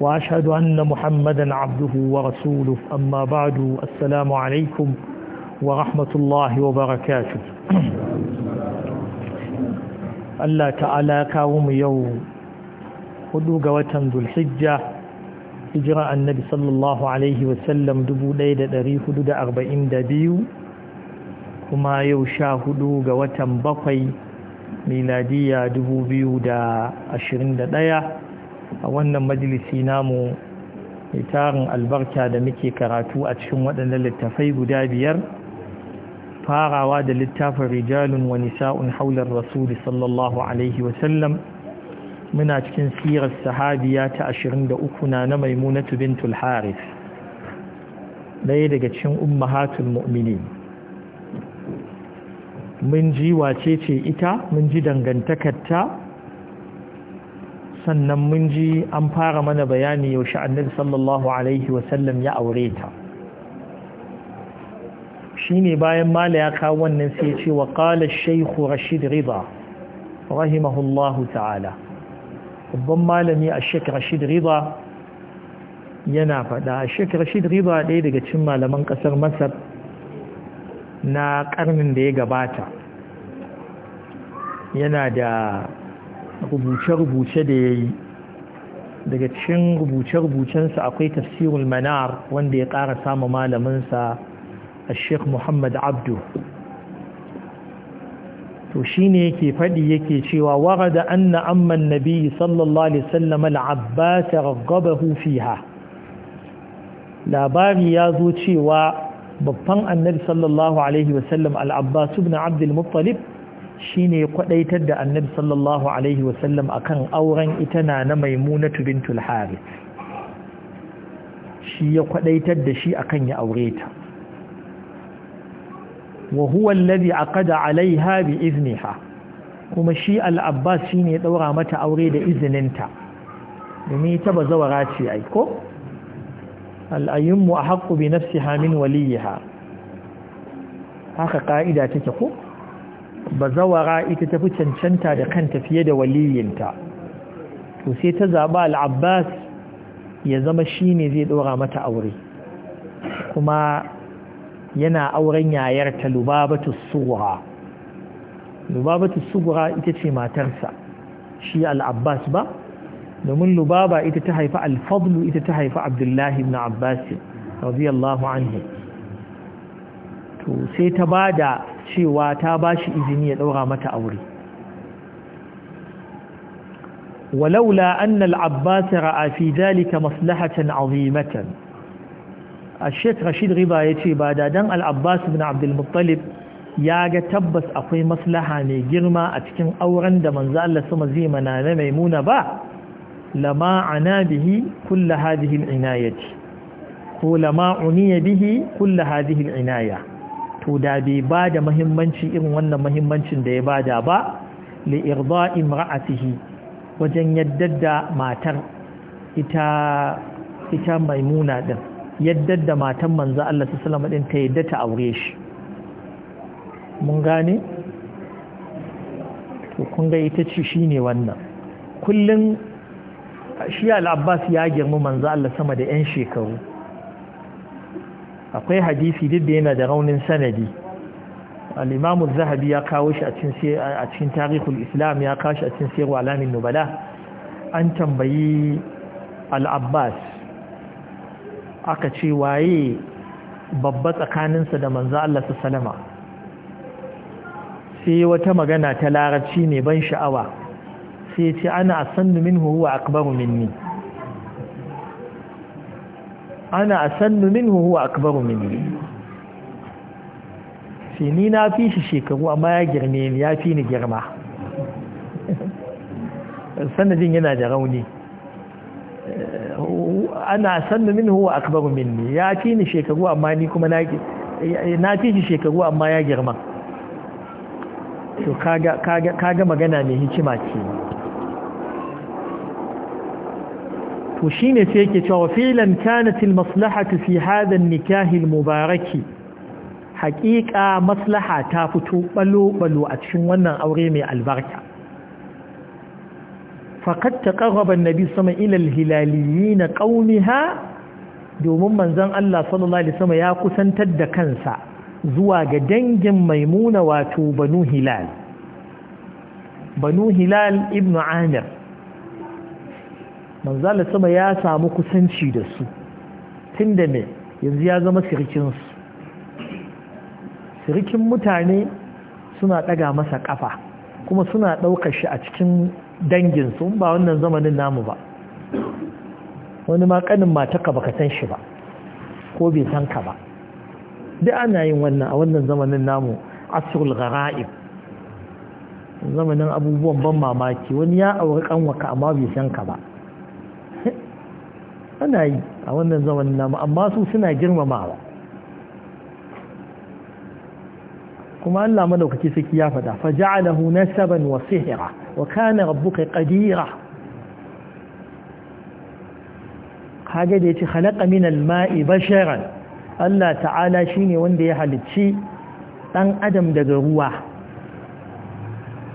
وأشهد أن محمدا عبده ورسوله أما بعد السلام عليكم ورحمة الله وبركاته Allah ta'ala kawo mu yau hudu ga watan Zulhijja hijira annabi sallallahu alaihi wasallam 1442 kuma yau sha hudu ga watan bakwai miladiya 2021 a wannan majalisi namu mai tarin albarka da muke karatu a cikin waɗannan littafai guda biyar farawa da littafin rijalun wa nisa'un haular rasul sallallahu alaihi wasallam muna cikin sirar sahabiya ta ashirin uku na na maimunatu bintul Haris ɗaya daga cikin ummahatul mu'minin mun ji wace ce ita mun ji dangantakarta sannan mun ji an fara mana bayani yaushe annabi sallallahu alaihi wasallam ya aure ta shine bayan mala ya kawo wannan sai ya ce wa qala shaykh rashid rida rahimahullahu ta'ala babban malami a shaykh rashid rida yana faɗa shaykh rashid rida ɗaya daga cikin malaman kasar masar na karnin da ya gabata yana da rubuce-rubuce da ya yi daga cikin rubuce-rubucensa akwai tafsirul manar wanda ya ƙara samu malaminsa a sheikh muhammad abdu to shi ne yake faɗi yake cewa wara da an na amman nabi sallallahu alaihi sallam al'abbasa ragabahu fiha labari ya zo cewa babban annabi sallallahu alaihi wasallam al'abbasu na abdul muttalib shine kwadaitar da annabi sallallahu alaihi wasallam akan auren ita na na maimunatu bintul harith shi ya kwadaitar da shi akan ya aure ta wa huwa alladhi aqada alaiha bi izniha kuma shi al-abbas shine ya daura mata aure da izininta domin ita zawara ce ai ko al-ayyumu ahqqu bi nafsiha min waliha haka ka'ida take ko Ba zawara ita tafi cancanta da kanta fiye da waliyinta to sai ta zaɓa al'abbas ya zama shi ne zai ɗora mata aure kuma yana auren yayarta lubabatu suwa lubabatu suwa ita ce matarsa shi al'abbas ba domin lubaba ita ta haifa alfadlu ita ta haifa abdullahi ibn abbas radiyallahu anhu to sai ta ba da cewa ta ba shi izini ya ɗaura mata aure walaula annal abbas ra'a fi dalika maslahatan azimatan ash-shaykh rashid riba ce ba da dan al-abbas ibn abdul ya ga tabbas akwai maslaha mai girma a cikin auren da manzo Allah sama zai mana na maimuna ba lama ana bihi kullu hadhihi al-inayati ko lama uniya bihi kullu hadhihi al-inayah to da bai ba da mahimmanci irin wannan mahimmancin da ya bada ba li irda imra'atihi wajen yadda da matar ita ita maimuna din yadda da matan manzo Allah sallallahu alaihi wasallam din ta yadda ta aure shi mun gane to kun ga ita ce shine wannan kullun shi al-Abbas ya girma manzo Allah sama da 'yan shekaru akwai hadisi duk da yana da raunin sanadi al-imamu zahabi ya kawo shi a cikin tarihul islam ya kawo shi a cikin sayarwa alamin nubala an tambayi al-abbas aka ce waye babba tsakaninsa da manzo Allah su salama sai wata magana ta larabci ne ban sha'awa sai ce ana asannu minhu huwa akbaru minni ana asannu minhu huwa akbaru minni sai ni na fi shi shekaru amma ya girme ni ya fi ni girma sanadin yana da rauni ana sannu min huwa akbaru minni ya fi ni shekaru amma ni kuma na fi shi shekaru amma ya girma to kaga magana mai hikima ce shi ne sai yake cewa filan maslaha ta fi hadha an-nikah al maslaha ta fito balo balo a cikin wannan aure mai albarka faqad taqarraba an-nabi sama ila al-hilaliyyin qawmiha domin manzon Allah sallallahu alaihi sama ya kusantar da kansa zuwa ga dangin maimuna wato banu hilal banu hilal ibnu amir manzala sama ya samu kusanci da su tun da me yanzu ya zama sirikinsu sirikin mutane suna ɗaga masa ƙafa kuma suna ɗaukar shi a cikin danginsu ba wannan zamanin namu ba wani ma ƙanin mataka baka san shi ba ko bai san ka ba duk ana yin wannan a wannan zamanin namu asirul gara'ib zamanin abubuwan ban mamaki wani ya auri kanwaka amma bai san ka ba ana yi a wannan zaman namu amma su suna girmamawa kuma Allah madaukaki saki ya fada fa ja'alahu nasaban wa sihra wa kana rabbuka kadira kage da yace khalaqa min alma'i basharan Allah ta'ala shine wanda ya halicci dan adam daga ruwa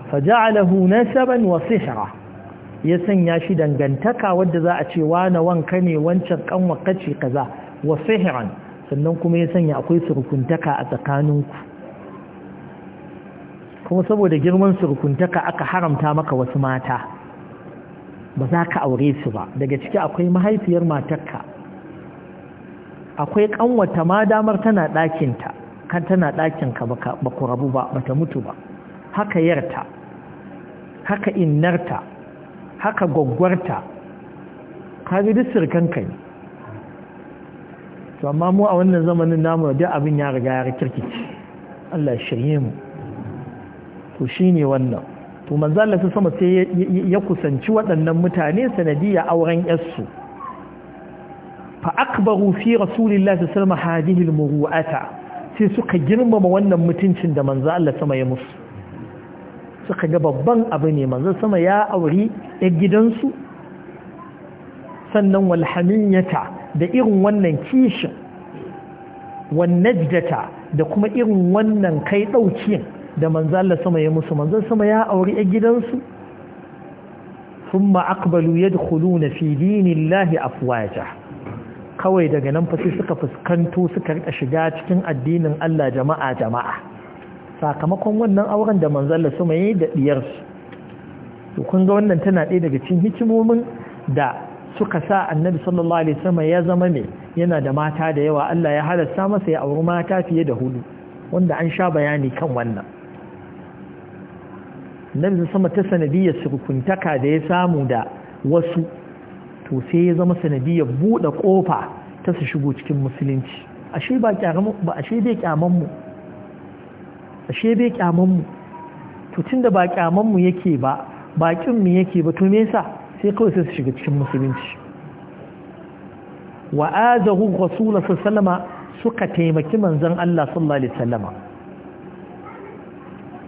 fa na nasaban wa sihra ya sanya shi dangantaka wadda za a ce wane wanka ne wancan kanwaka ce kaza wa sihiran sannan kuma ya sanya akwai surukuntaka a tsakaninku kuma saboda girman surukuntaka aka haramta maka wasu mata ba za ka aure su ba daga ciki akwai mahaifiyar matarka akwai kanwata ma damar tana ɗakinta kan tana ɗakinka ba ku rabu ba ba ta mutu ba haka yarta haka innarta haka gwaggwarta ka kaji duk sirkan kai to amma mu a wannan zamanin namu da abin ya riga ya rikirkici Allah shirye mu to shine wannan to manzo Allah sama sai ya kusanci waɗannan mutane sanadiyya auren yarsu fa akbaru fi rasulillahi sallallahu alaihi wasallam hadhihi almuru'ata sai suka girmama wannan mutuncin da manzo Allah sama ya musu suka ga babban abu ne manzon sama ya auri ya gidansu sannan walhaminyata da irin wannan kishin wannajdata da kuma irin wannan kai ɗaukiyin da manzon sama ya musu manzon sama ya auri ya gidansu ثم أقبلوا يدخلون في دين lahi kawai daga nan fa sai suka fuskanto suka rika shiga cikin addinin Allah jama'a jama'a sakamakon wannan auren da manzalla su mai da ɗiyarsu to kun ga wannan tana ɗaya daga cikin hikimomin da suka sa annabi sallallahu alaihi wasallam ya zama ne yana da mata da yawa Allah ya halasta masa ya auri mata fiye da hudu wanda an sha bayani kan wannan annabi sama ta sanadiyar sukuntaka da ya samu da wasu to sai ya zama sanadiyar buɗe ƙofa ta su shigo cikin musulunci ashe ba ba ashe dai kyaman mu ashe bai kyamanmu to tunda ba mu yake ba bakin mu yake ba to me yasa sai kawai sai su shiga cikin musulunci wa azahu rasul sallama suka taimaki manzon Allah sallallahu alaihi wasallama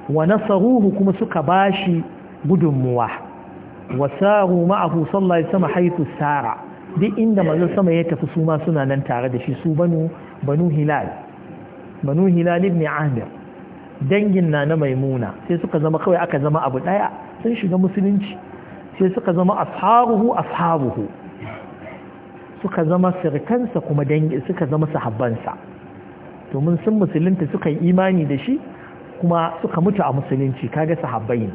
wa nasaruhu kuma suka bashi gudunmuwa wa saru ma'ahu sallallahu alaihi wasallama haythu sara duk inda manzon sama ya tafi su ma suna nan tare da shi su banu banu hilal banu hilal ibn amir dangin na na maimuna sai suka zama kawai aka zama abu daya sun shiga musulunci sai suka zama ashabuhu ashabuhu suka zama sirkansa kuma dangin suka zama sahabbansa domin sun musulunta suka yi imani da shi kuma suka mutu a musulunci kaga sahabbai ne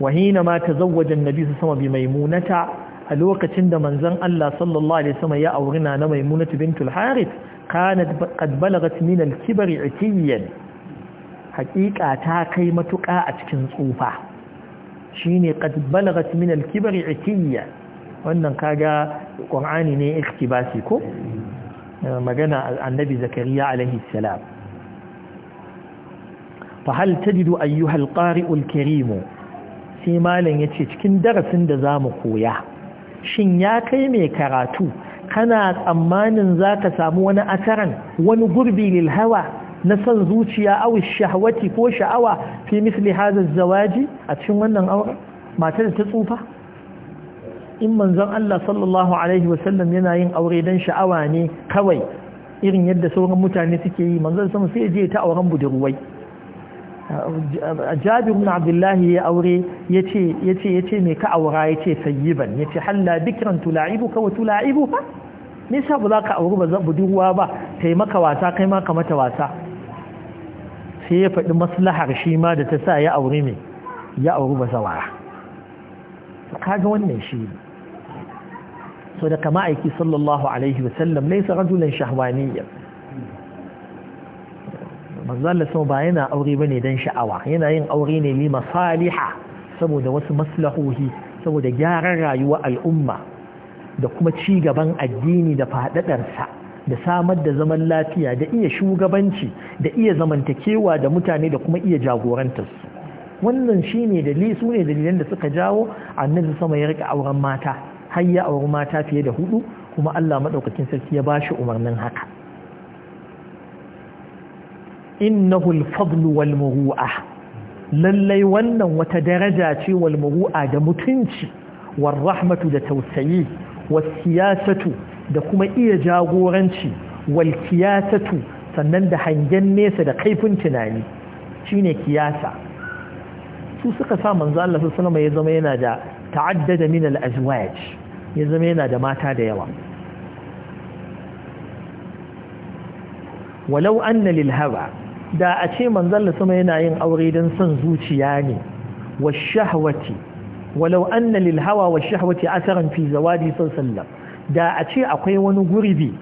wahina ma tazawwaja annabi sama bi maimunata a lokacin da manzon Allah sallallahu alaihi wasallam ya aure na maimunatu bintul harith kanat qad balagat min al-kibar itiyan haqiqa ta kai matuƙa a cikin tsufa shine qad balagat min al-kibar itiya wannan kaga qur'ani ne iktibasi ko magana annabi zakariya alaihi salam fa hal tajidu ayyuha al-qari'u al-karim sai malam yace cikin darasin da zamu koya shin ya kai mai karatu kana tsammanin za ka samu wani asaran wani gurbi lihawa na son zuciya aw shahwati ko sha'awa fi misli hadha zawaji a cikin wannan aure matar ta tsufa in manzon Allah sallallahu alaihi wasallam yana yin aure dan sha'awa ne kawai irin yadda sauran mutane suke yi manzon sama sai je ta auren budurwai jabir na abdullahi ya aure yace yace yace me ka aura yace sayyiban yace halla tula'ibu tula'ibuka wa tula'ibuha nisa ba za ka auri ba budurwa ba ta yi maka wasa kai ma ka mata wasa sai ya faɗi maslahar shi ma da ta sa ya auri me ya auri ba zawara kaga wannan shi ne so da kama aiki sallallahu alaihi wasallam laisa rajulan shahwaniyya mazalla sau ba yana aure ne dan sha'awa yana yin aure ne li masaliha saboda wasu maslahohi saboda gyaran rayuwa al'umma da kuma ci gaban addini da fadadarsa da samar da zaman lafiya da iya shugabanci da iya zamantakewa da mutane da kuma iya jagorantarsu wannan shi ne sune su ne dalilan da suka jawo annabi sama ya rika auren mata har ya auri mata fiye da hudu kuma Allah maɗaukakin sarki ya ba shi umarnin haka innahu al-fadlu wal muru'a lallai wannan wata daraja ce wal muru'a da mutunci war rahmatu da tausayi wasiyasatu da kuma iya jagoranci walkiyasatu sannan da hangen nesa da kaifin tunani shine kiyasa su suka sa manzo Allah sallallahu alaihi ya zama yana da ta'addada min al-azwaj ya zama yana da mata da yawa walau anna lil hawa da a ce manzo Allah sama yana yin aure dan son zuciya ne wa shahwati walau anna lil hawa wa shahwati asaran fi zawadi sallallahu da a ce akwai wani gurbi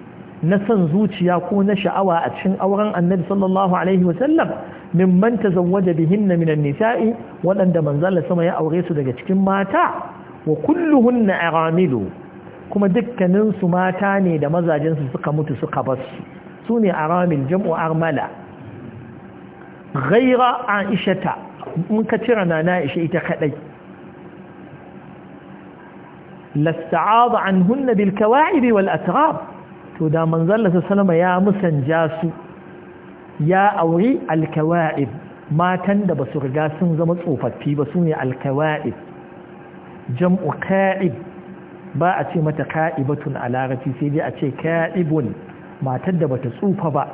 na son zuciya ko na sha'awa a cikin auren annabi sallallahu alaihi wa sallam mimman tazawwaja bihinna minan nisa'i waɗanda manzala sama ya aure su daga cikin mata wa kulluhunna aramilu kuma dukkanin su mata ne da mazajen su suka mutu suka bar su sune aramil jam'u armala ghaira aishata mun ka na nana aisha ita kadai lasta'ada an bil kawa'ib wal atrab to da manzon sallama ya musanja su ya auri al matan da basu riga sun zama tsofaffi ba sune al kawa'ib jam'u ka'ib ba a ce mata ka'ibatun a larabci sai dai a ce ka'ibun matar da bata tsufa ba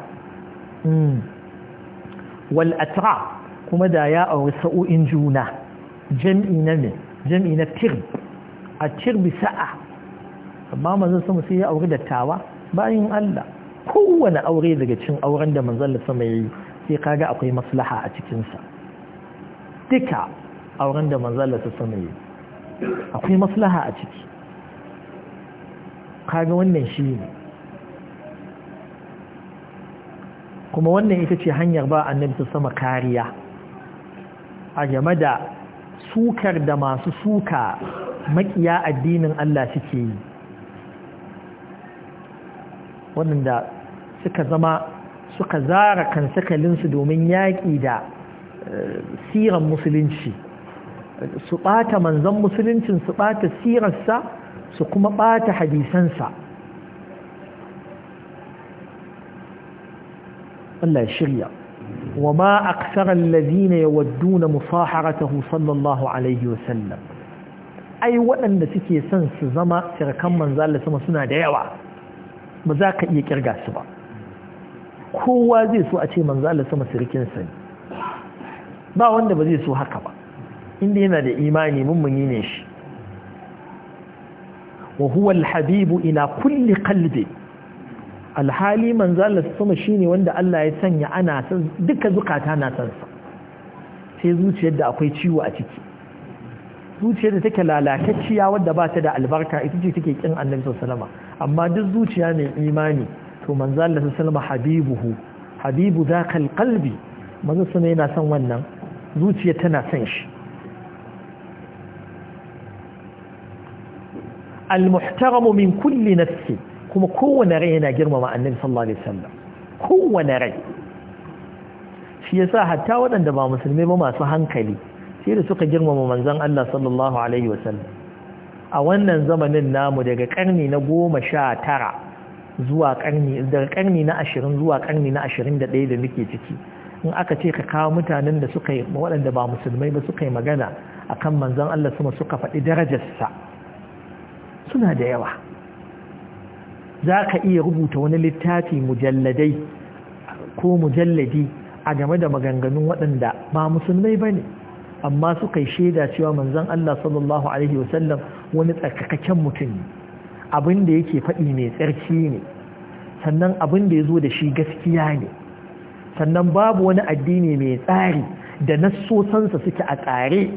wal atra kuma da ya auri sa'o'in juna jam'i na ne a cirbi sa'a amma manzon sama sai ya aure dattawa bayan Allah kowane aure daga cin auren da manzon sama yayi sai kaga akwai maslaha a cikinsa duka auren da manzon sama yayi akwai maslaha a ciki kaga wannan shi ne kuma wannan ita ce hanyar ba annabi su sama kariya a game da sukar da masu suka makiya addinin Allah suke yi waɗanda suka zama suka zara kansakalinsu domin yaƙi da eh, siran musulunci su ɓata manzan musuluncin su ɓata sirarsa su kuma ɓata hadisansa Allah ya shirya وما أكثر الذين يودون na صلى الله عليه وسلم ai waɗanda suke son su zama shirkan manzo Allah sama suna da yawa ba za ka iya kirga su ba kowa zai so a ce manzo Allah sama shirkin sa ne ba wanda ba zai so haka ba inda yana da imani mummuni ne shi wa huwa al-habibu ila kulli qalbi alhali manzo Allah sama shine wanda Allah ya sanya ana duka zukata na san sa sai zuciyar da akwai ciwo a ciki zuciyar da take lalatacciya wadda ba ta da albarka ita ce take kin annabi sallama amma duk zuciya mai imani to manzo Allah sallama habibuhu habibu zakal qalbi manzo sunan yana son wannan zuciya tana son shi al-muhtaramu min kulli nafsi kuma kowane rai yana girmama annabi sallallahu alaihi wasallam kowane rai shi yasa hatta waɗanda ba musulmi ba masu hankali sai da suka girmama manzon Allah sallallahu alaihi wasallam a wannan zamanin namu daga karni na goma sha tara zuwa karni daga karni na ashirin zuwa karni na ashirin da ɗaya da muke ciki in aka ce ka kawo mutanen da suka yi waɗanda ba musulmai ba suka yi magana a kan manzan Allah sama suka faɗi darajarsa suna da yawa za ka iya rubuta wani littafi mujalladai ko mujalladi a game da maganganun waɗanda ba musulmai ba ne amma suka yi shaida cewa manzon Allah sallallahu alaihi wasallam wani tsakakken mutum ne abin da yake faɗi mai tsarki ne sannan abin da ya zo da shi gaskiya ne sannan babu wani addini mai tsari da nassosansa suke a tsare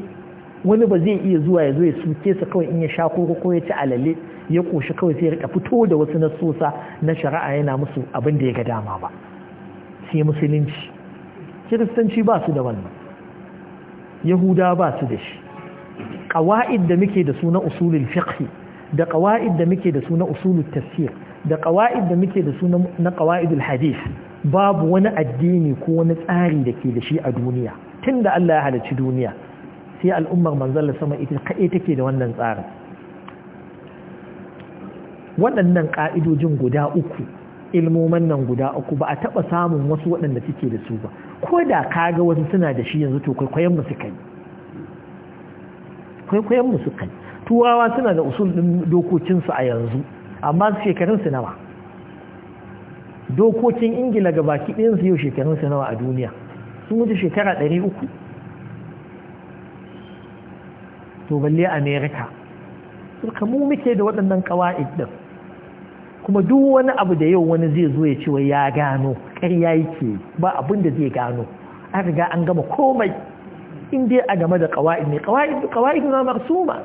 wani ba zai iya zuwa ya zo ya suke sa kawai in ya sha koko ko ya ci alale ya koshi kawai sai ya rika fito da wasu nassosa na shari'a yana musu abin da ya ga dama ba sai musulunci kiristanci ba su da wannan yahuda ba su da shi ƙawa'id da muke da su na usulul fiqh da ƙawa'id da muke da su na usulul tafsir da ƙawa'id da muke da su na ƙawa'idul hadith babu wani addini ko wani tsari da ke da shi a duniya tun da Allah ya halarci duniya sai al'ummar manzalla sama ita kaɗai take da wannan tsarin waɗannan ƙa'idojin guda uku ilmomin nan guda uku ba a taɓa samun wasu waɗanda suke da su ba ko da ka ga wasu suna da shi yanzu to kwaikwayon mu kai yi yi turawa suna da usul din dokokinsu a yanzu amma su shekarun su nawa dokokin ingila ga baki ɗin su yau shekarun su nawa a duniya sun wuce shekara 300 to balle america suka mu muke da waɗannan kawai ɗin kuma duk wani abu da yau wani zai zo ya ce wai ya gano yi yake ba abin da zai gano an riga an gama komai in dai a game da kawai ne kawai na marsuma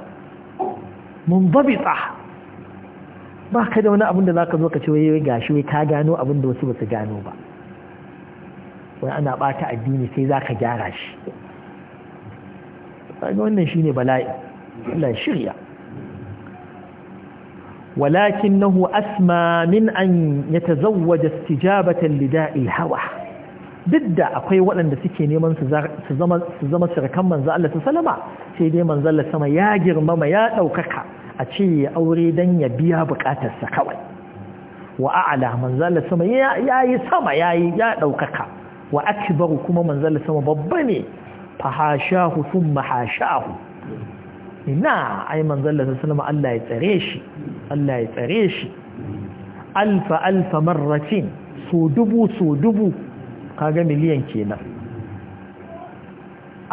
mun babita ba ka da wani abin da za ka zo ka ce wai gashi wai ka gano abin da wasu ba su gano ba wai ana ɓata addini sai za ka gyara shi wannan shine bala'i Allah shirya ولكنه أسمى من أن يتزوج استجابة لداء الهوى duk da akwai waɗanda suke neman su zama sirkan manzo Allah ta sai dai manzo Allah sama ya girmama ya ɗaukaka a ce ya aure dan ya biya sa kawai wa a'la manzo Allah sama ya yi sama ya yi ya ɗaukaka wa akbaru kuma manzo Allah sama babba ne fahashahu thumma hashahu ina ai manzon Allah sallallahu Allah ya tsare shi Allah ya tsare shi alfa alfa marratin so dubu so dubu kaga miliyan kenan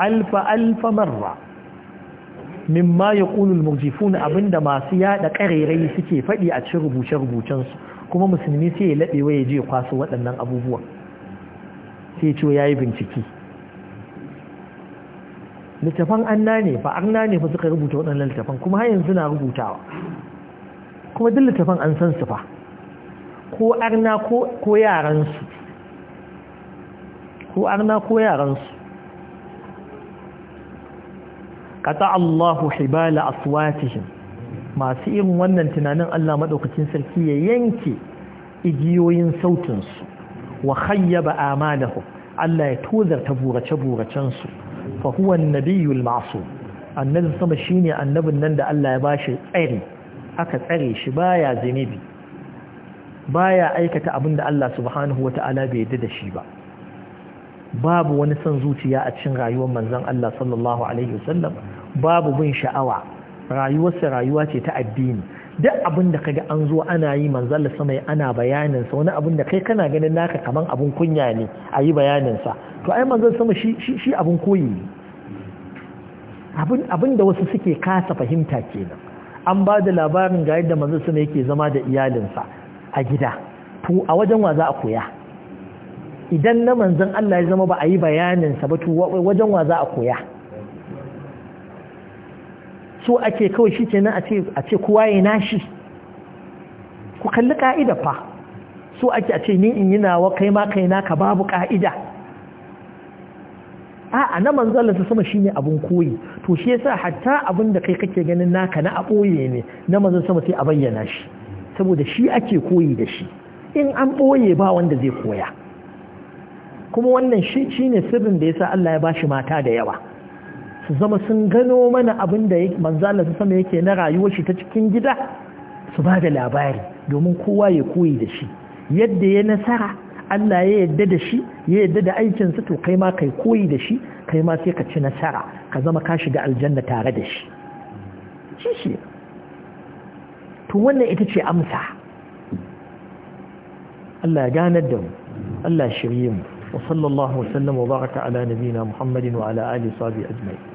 alfa alfa marra mimma yaqulu al abinda masu yada karerai suke fadi a cikin rubuce rubucen su kuma musulmi sai ya labe waye je kwaso waɗannan abubuwa sai ya ce yayi bincike littafan anna ne fa anna ne fa suka rubuta waɗannan littafan kuma har yanzu na rubutawa kuma duk littafan an san su fa ko arna ko yaransu ko arna ko yaransu kata Allahu hibala aswatihim masu irin wannan tunanin Allah madaukakin sarki ya yanke igiyoyin sautinsu wa khayyaba amalahu Allah ya tozarta burace su. fahuwan huwa an-nabiyul ma'sum annabi sama shine annabin nan da Allah ya bashi tsari aka tsare shi baya Ba baya aikata abin da Allah subhanahu ta'ala bai yarda da shi ba babu wani son zuciya a cikin rayuwar manzon Allah sallallahu alaihi wasallam babu bin sha'awa rayuwarsa rayuwa ce ta addini duk abin da kaga an zo ana yi manzalla sama ana bayanin sa wani abin da kai kana ganin naka kaman abin kunya ne a yi bayanin sa to ai manzalla sama shi shi shi abin koyi ne abin abin da wasu suke kasa fahimta kenan an ba da labarin ga yadda manzalla sama yake zama da iyalinsa a gida to a wajen wa za a koya idan na manzon Allah ya zama ba a yi bayanin sa ba to wajen wa za a koya so ake kawai shi ce na a ce kowa ya nashi ku kalli ka'ida fa so ake a ce ni in yi nawa kai ma kai naka babu ka'ida a na manzalar su sama shi ne abun koyi to shi yasa hatta abin da kai kake ganin naka na a ɓoye ne na manzan sama sai a bayyana shi saboda shi ake koyi da shi in an ɓoye ba wanda zai koya kuma wannan shi ne sirrin da yasa Allah ya bashi mata da yawa su zama sun gano mana abin da Manzala su sama yake na rayuwar shi ta cikin gida su ba da labari domin kowa ya koyi da shi yadda ya nasara Allah ya yadda da shi ya yadda da aikinsa to kai ma kai koyi da shi kai ma sai ka ci nasara ka zama ka shiga aljanna tare da shi shi shi to wannan ita ce amsa Allah ya ganar da mu Allah shirye mu wa sallallahu wa sallam wa baraka ala nabiyina Muhammadin wa ala alihi wa sahbihi